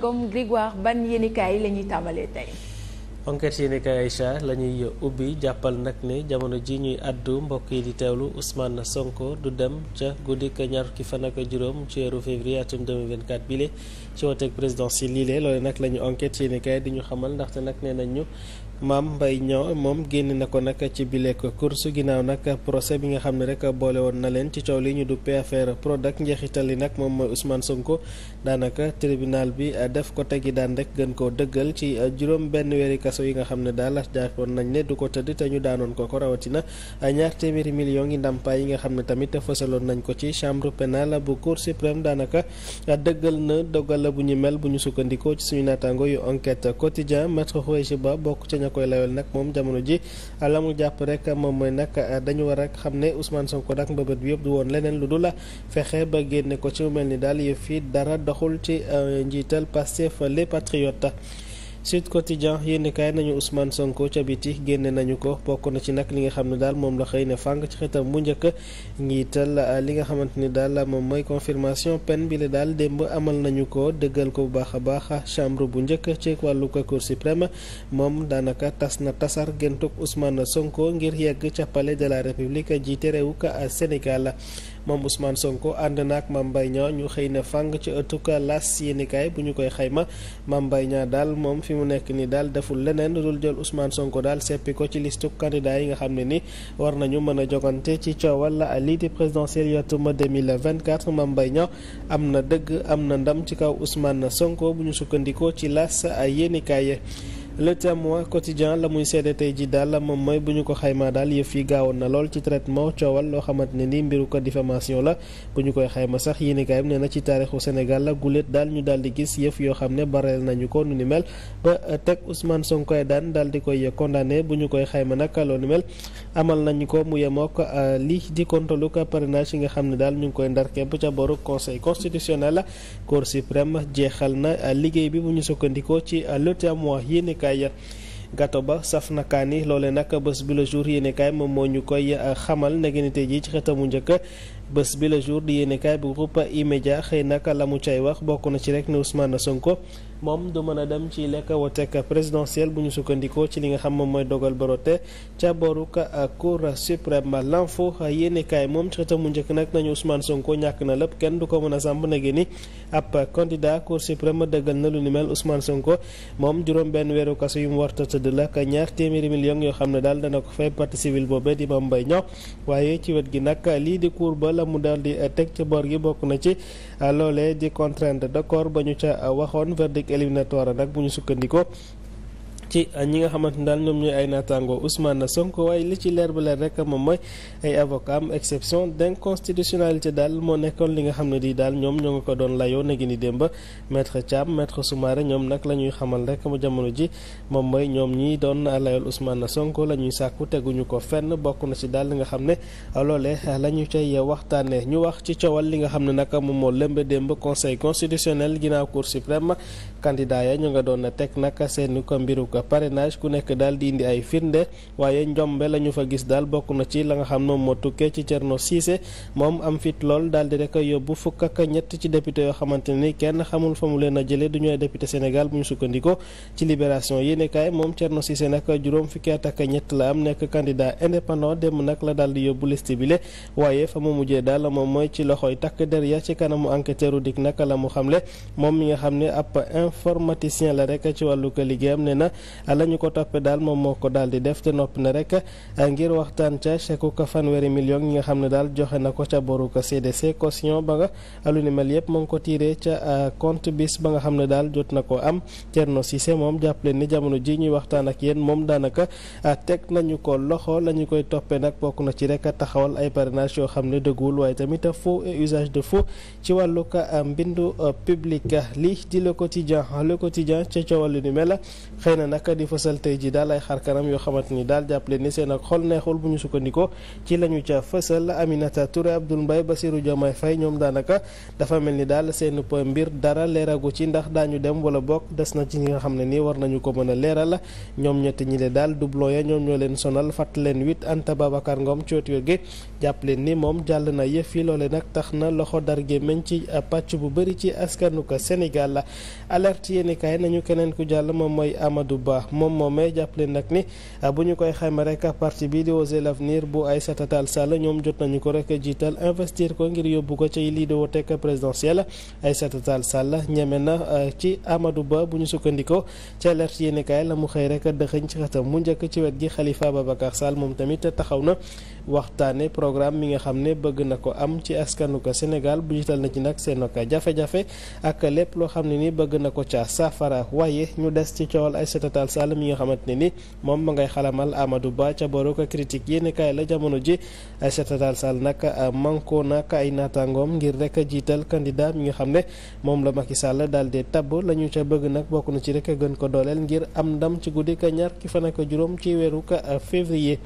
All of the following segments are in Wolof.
comme Grégoire ban yéenekaay la ñuy tàmbalee tey. enquête yéenekaay Aïcha la ñuy ubbi jàppal nag ne jamono ji ñuy àddu mbokk yi di teewlu Ousmane Sonko du dem ca guddik ñaar ki fan ak juróom ci weeru février atum 2024 bile ci woteeg présidentiel lii lee loole nag la ñu enquête yéenekaay di ñu xamal ndaxte nag nee nañ ñu. Mame Mbaye Niang moom génn na ko nag ci bileek course ginnaaw nag procès bi nga xam ne rek boole woon na leen ci coow li ñu duppee affaire Prodac njeexital li nag moom mooy Ousmane Sonko daanaka tribunal bi def ko tegi daan rek gën koo dëggal ci juróom benn weeri kaso yi nga xam ne daal jàppoon nañ ne du ko tëdd te ñu daanoon ko ko rawatina ñaar téeméeri millions yi ndàmpaay yi nga xam ne tamit fësaloon nañ ko ci chambre pénale bu Cour suprême daanaka dëggal na dogal la bu ñu mel bu ñu sukkandikoo ci suñu naataango yu enquête koy layool nag moom jamono ji la mu jàpp rek moom mooy nag dañu war rek xam ne Ousmane Sonko nag mbëbët bi yëpp du woon leneen lu dul fexe ba génne ko ci mu mel ni daal yëf yi dara doxul ci euh, njiital Pastef les Patriotes Sud Quotidien yéenekaay nañu Ousmane Sonko ca biti génne nañu ko bokk na ci nag li nga xam ne daal moom la xëy ne fàng ci xetam bu njëkk njiital ah, li nga xamante ni daal la moom mooy confirmation peine bi la daal démb amal nañu ko dëggal ko bu baax a baax chambre bu njëkk ci wàllu ko Cour suprême moom daanaka tas na tasar géntug Ousmane Sonko ngir yegg ca palais de la République jiite réew ka ah, Sénégal moom Ousmane Sonko ànd naak Mame Mbaye Niang ñu xëy na fàng ci ëttuk las yéenikaay bu ñu koy xayma Mame Mbaye Niang daal moom fi mu nekk ni daal deful leneen dul jël usmaan Sonko daal seppi ko ci listu candidat yi nga xam ne ni war nañu mën a jogante ci coowal lii di présidentielle yotuma 2024 Mame Mbaye Niang am na dëgg am na ndam ci kaw Ousmane Sonko bu ñu sukkandikoo ci las yéenikaay le témoin quotidien la muy seede tey ji daal moom mooy bu ñu ko xaymaa daal yëf yi gaawoon na lool ci traitement coowal loo xamante ne ni mbiru ko diffamation la bu koy xayma sax yéenekaay bi ci taarixu Sénégal la guléet daal ñu daal gis yëf yoo xam ne bareel nañu ko nu ni mel ba teg Ousmane Sonko ay daan daal di koy condamné bu ñu koy xayma nag loo mel amal nañu ko mu yemook euh, li di kontalu ko parrainage yi nga xam ne daal ñu ngi koy ndar képp ca boru na euh, liggéey bi bu ñu sukkandikoo ci euh, le témoin njaay gato ba saf na kaani loole nag bés bi la jour yéene kaay moom moo ñu koy euh, xamal na ji tey jii ci njëkk bés bi la jour di yéenekaay bu groupe E-Media xëy naka la mu cay wax bokk na ci rek ne Ousmane Sonko moom du mën dem ci lekk woteek présidentielle bu ñu sukkandikoo ci li nga xam moom mooy dogal barote ca boruk cour suprême l'info yéenekaay moom ci xëtam mu njëkk nag nañu Ousmane Sonko ñàkk na lépp kenn du ko mën a sàmp na ni ab candidat cour suprême dëggal na lu ni mel Ousmane Sonko moom juróom benn weeru kaso yu mu warta tëdd la ak ñaar téeméeri millions yoo xam ne daal dana ko fay partie civile mu daal di eh, teg ci boor gi bokk na ci eh, loolee di contrainte d'accord ba ñu ca eh, waxoon verdict éliminatoire nag bu ñu sukkandikoo ci ñi nga xamante ni daal ñoom ñooy ay naataangoo Ousmane Sonko waaye li ci leer ba leer rek moom mooy ay avocat am exception d'inconstitutionnalité daal moo nekkoon li nga xam ne di daal ñoom ñoo nga ko doon layoo na gi ni démb maître Thiam maître Soumaré ñoom nag la ñuy xamal rek mu jamono ji moom mooy ñoom ñi doon layool Ousmane Sonko la ñuy sàkku teguñu ko fenn bokk na ci daal li nga xam ne loolee la ñu cay waxtaanee ñu wax ci coowal li nga xam ne nag moom moo lëmb démb conseil constitutionnel ginnaaw cour suprême candidat ya ñu nga doon teg nag seen ko parenage ku nekk daal di indi ay firnde waaye njombe la ñu fa gis daal bokk na ci la nga xam moom moo tukkee ci Thierno Cissé moom am fit lool daal di rek yóbbu fukk ñett ci député yoo xamante ni kenn xamul fa mu leen a jëlee du ñu député Sénégal bu ñu sukkandikoo ci libération yéene kaay moom Thierno Cissé nag juróom fukki at ñett la am nekk candidat indépendant dem nag la daal di yóbbu liste bi le waaye fa mu mujjee daal moom mooy ci loxoy takk der ya ci kanamu enquêteur dik naka la mu xamle moom mi nga xam ne ab informaticien la rek ci wàllu ko liggéeyam ne na la ñu ko toppee daal moom moo ko daal di def te noppi na rek ngir waxtaan ca chèque ko fanweeri million yi nga xam ne daal joxe na ko ca boru ko CDC caution ba nga yëpp mu ngi ko tiiree ca compte bis ba nga xam ne daal jot na ko am Thierno Cissé moom jàppale ni jamono ji ñuy waxtaan ak yéen moom daanaka teg nañu ko loxo la ñu koy toppee nag bokk na ci rek taxawal ay parrainage yoo xam ne dëggul waaye tamit faux et usage de faux ci wàllu ka mbindu public li di le quotidien le quotidien ca coowal lu ni mel na nag nag di fësal tey ji daal ay xarkanam yoo xamante ni ni seen ak xol neexul bu ñu sukkandikoo ci la ñu ca fësal Aminata Touré Abdoul Mbaye Bassirou Diomaye Faye ñoom daanaka dafa ni daal seen mbir dara leeragu ci ndax daañu dem wala bokk des na ci ñi nga xam ne nii war nañu ko mën a leeral ñoom ñett ñi le daal doublon ya ñoom ñoo leen sonal fàtt leen huit Anta Babacar Ngom cootwér gi jàpp leen ni moom jàll na yëf yi loole nag tax na loxo dar gémmiñ ci pàcc bu bëri ci askanu ko Sénégal la alerte yéeni kaay nañu keneen ku jàll moom mooy Amadou Ba ba moom moomee jàppale nag ni ah, bu ñu koy xayma rek parti bi di Osez l'avenir bu Aïssata Tall Sall ñoom jot nañu ko rek jiital investir ko ngir yóbbu ko ci lii di woteek présidentielle Aïssata Tall Sall ñeme na ah, ci Amadou Ba bu ñu sukkandikoo ci alerte yéenekaay la mu xëy rek dëxëñ ci xatam mu njëkk ci wet gi Khalifa Ababacar Sall moom tamit taxaw na waxtaane programme mi nga xam ne bëgg na ko am ci askanu ko Sénégal bu jiital na ci nag seen jafe-jafe ak lépp loo xam ne bëgg na ko ca Tall Sall mi nga xamante ne ni moom ma ngay xalamal Amadou Ba ca boru ko critique kaay la jamono ji Aïssata Tall Sall nag euh, manko nag ay naataangoom ngir rek jiital candidat mi nga xam ne moom la Macky la daal di tabb la ñu ca bëgg nag bokk na ci rek gën ko dooleel ngir am ndam ci guddi ka ñaar ki fa ak juróom ci weeru euh, février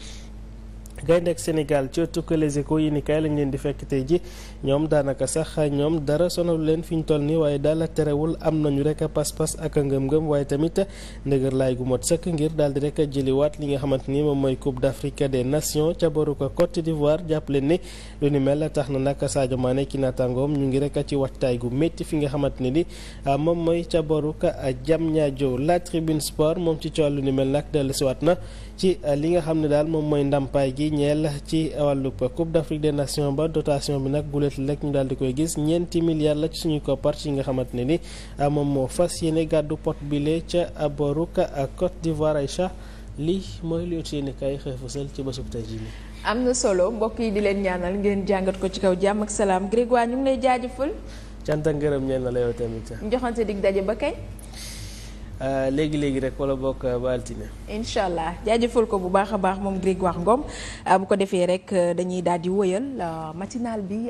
gaynde ak Sénégal ci ëttu les yi ni kaay lañ leen di fekk tey ji ñoom daanaka sax ñoom dara sonalu leen fi ñu toll nii waaye daal terewul am nañu rek a pas-pas ak ngëm-ngëm waaye tamit ndëgër laay gu mot sëkk ngir daal di rek a jëliwaat li nga xamante ni moom mooy Coupe d'Afrique des Nations ca boru ko Côte d'Ivoire jàpp leen ni lu ni mel tax na nag Sadio Mané ki naataangoom ñu ngi rek a ci waxtaay gu métti fi nga xamante ne ni moom mooy ca boru ko Diamniadio la tribune sport moom ci cool lu ni mel nag dellusiwaat na ci li nga xam ne daal moom mooy ndàmpaay gi gi ñeel ci wàllub Coupe d'Afrique des Nations ba dotation bi nag gulet rek ñu daal di koy gis ñeenti milliards la ci suñu koppar ci nga xamante ne ni ah, moom moo fas yéene gàddu pot bile ca Boruka ak ah, Côte d'Ivoire Aïcha lii mooy li yéene kay xëy fësal ci bésub tey jii am na solo mbokk yi di leen ñaanal ngeen jàngat ko ci kaw jàmm ak salaam Grégoire ñu ngi lay jaajëfal. cant ak ngërëm ñeel la yow tamit. joxante dig daje ba kañ. Euh, léegi léegi rek wala bokk euh, ba altine incha allah jaajëfal ko bu baax a baax moom Grégoire Ngom euh, bu ko defee rek dañuy daal di wëyal matinal bi